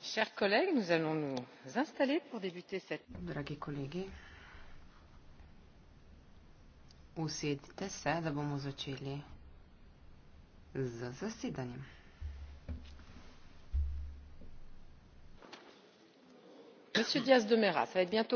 chers collègues nous allons nous installer pour débuter cette dragi kolegi usedite se da bomo začeli z zasedanjem monsieur diaz de mera ça va être bientôt